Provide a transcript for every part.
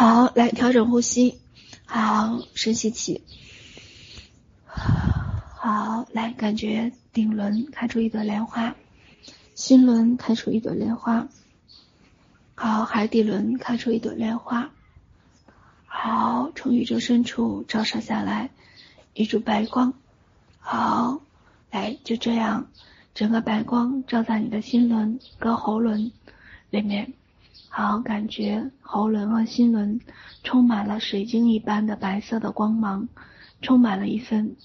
好，來調整呼吸。好，深吸氣。好，來感覺頂輪開出一朵蓮花，心輪開出一朵蓮花。好，海底輪開出一朵蓮花。好，從宇宙深處照射下來一束白光。好，來就這樣，整個白光照在你的心輪跟喉輪裡面。好，感覺喉輪和心輪充滿了水晶一般的白色的光芒，充滿了一份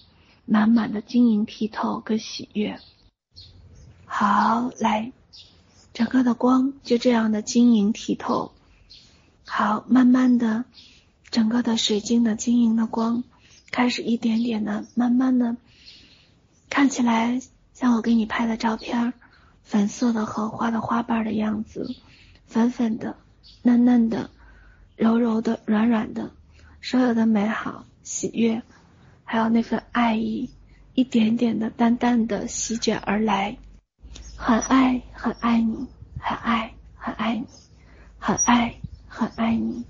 滿滿的晶瑩剔透跟喜悅。好，來，整個的光就這樣的晶瑩剔透。好，慢慢的，整個的水晶的晶瑩的光開始一點點的慢慢的，看起來像我給你拍的照片兒，粉色的荷花的花瓣的樣子。粉粉的、嫩嫩的、柔柔的、軟軟的，所有的美好、喜悅，還有那份愛意，一點點的、淡淡的席捲而來。很愛，很愛你；很愛，很愛你；很愛，很愛你；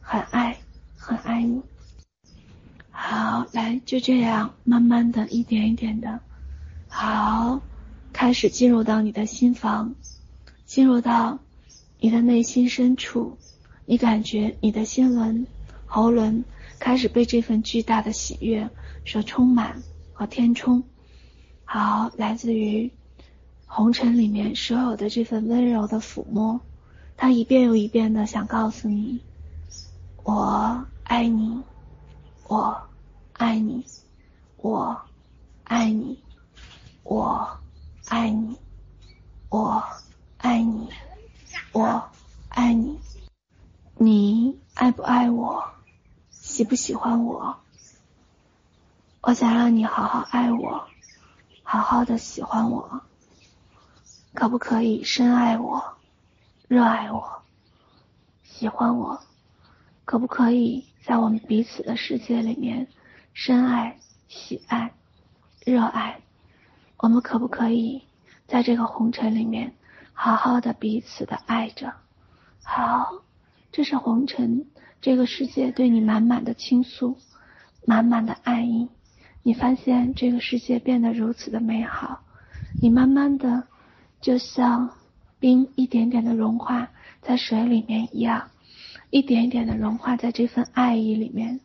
很愛，很愛你。好，來，就這樣，慢慢的一點一點的，好，開始進入到你的心房，進入到。你的內心深處，你感覺你的心輪、喉輪開始被這份巨大的喜悅所充滿和填充。好，來自於紅塵裡面所有的這份溫柔的撫摸，它一遍又一遍的想告訴你：“我愛你，我愛你，我愛你，我愛你，我愛你。我愛你”我愛你，你愛不愛我？喜不喜歡我？我想讓你好好愛我，好好的喜歡我。可不可以深愛我？熱愛我？喜歡我？可不可以在我們彼此的世界裡面深愛、喜愛、熱愛？我們可不可以在這個紅塵裡面？好好的彼此的愛着，好，這是紅塵這個世界對你滿滿的傾訴，滿滿的愛意。你發現這個世界變得如此的美好，你慢慢的就像冰一點點的融化在水裡面一樣，一點一點的融化在這份愛意裡面，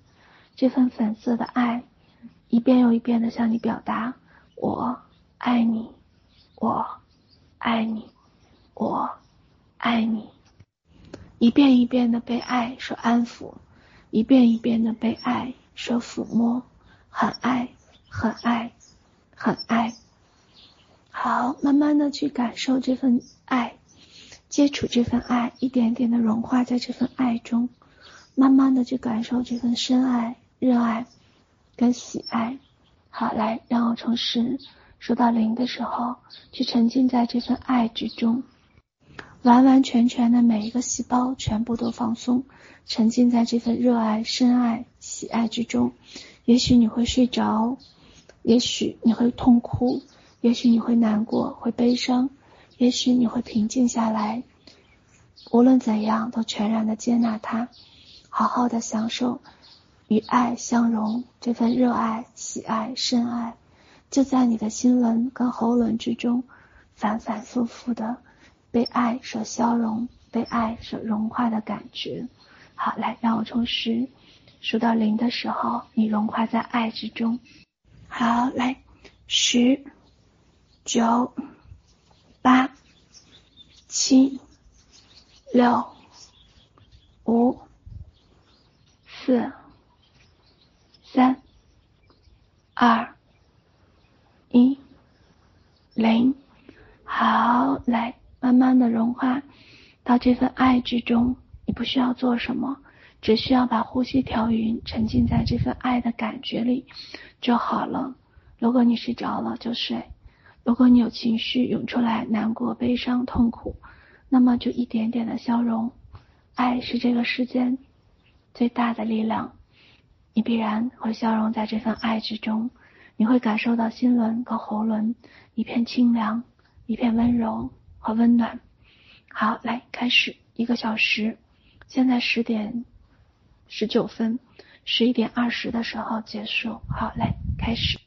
這份粉色的愛，一遍又一遍的向你表達我愛你，我愛你。我愛你，一遍一遍的被愛所安撫，一遍一遍的被愛所撫摸，很愛，很愛，很愛。好，慢慢的去感受這份愛，接觸這份愛，一點點的融化在這份愛中，慢慢的去感受這份深愛、熱愛跟喜愛。好，來，讓我從十數到零的時候，去沉浸在這份愛之中。完完全全的每一個細胞全部都放鬆，沉浸在這份熱愛、深愛、喜愛之中。也許你會睡着，也許你會痛哭，也許你會難過、會悲傷，也許你會平靜下來。無論怎樣，都全然的接納它，好好的享受與愛相融，這份熱愛、喜愛、深愛，就在你的心輪跟喉輪之中，反反复复的。被愛所消融，被愛所融化的感覺。好，來，讓我從十數到零的時候，你融化在愛之中。好，來，十、九、八、七、六、五、四、三、二、一、零。好，來。慢慢的融化到這份愛之中，你不需要做什麼，只需要把呼吸調勻，沉浸在這份愛的感覺裡就好了。如果你睡着了就睡，如果你有情緒湧出來，難過、悲傷、痛苦，那麼就一點點的消融。愛是這個世間最大的力量，你必然會消融在這份愛之中，你會感受到心輪和喉輪一片清涼，一片溫柔。好溫暖，好，來開始一個小時，現在十點十九分，十一點二十的時候結束，好，來開始。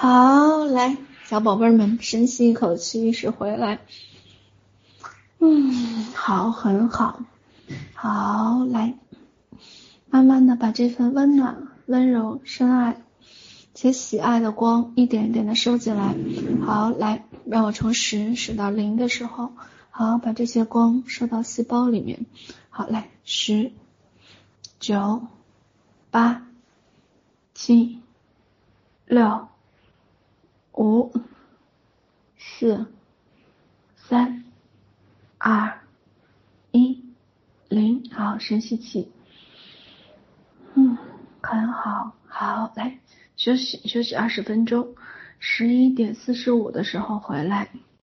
好，來，小寶貝兒們，深吸一口氣，意識回來。嗯，好，很好，好，來，慢慢的把這份溫暖、溫柔、深愛且喜愛的光，一點一點的收進來。好，來，讓我從十數到零的時候，好，把這些光收到細胞裡面。好，來，十、九、八、七、六。五、四、三、二、一、零，好，深吸氣。嗯，很好，好，來，休息休息二十分鐘，十一點四十五的時候回來。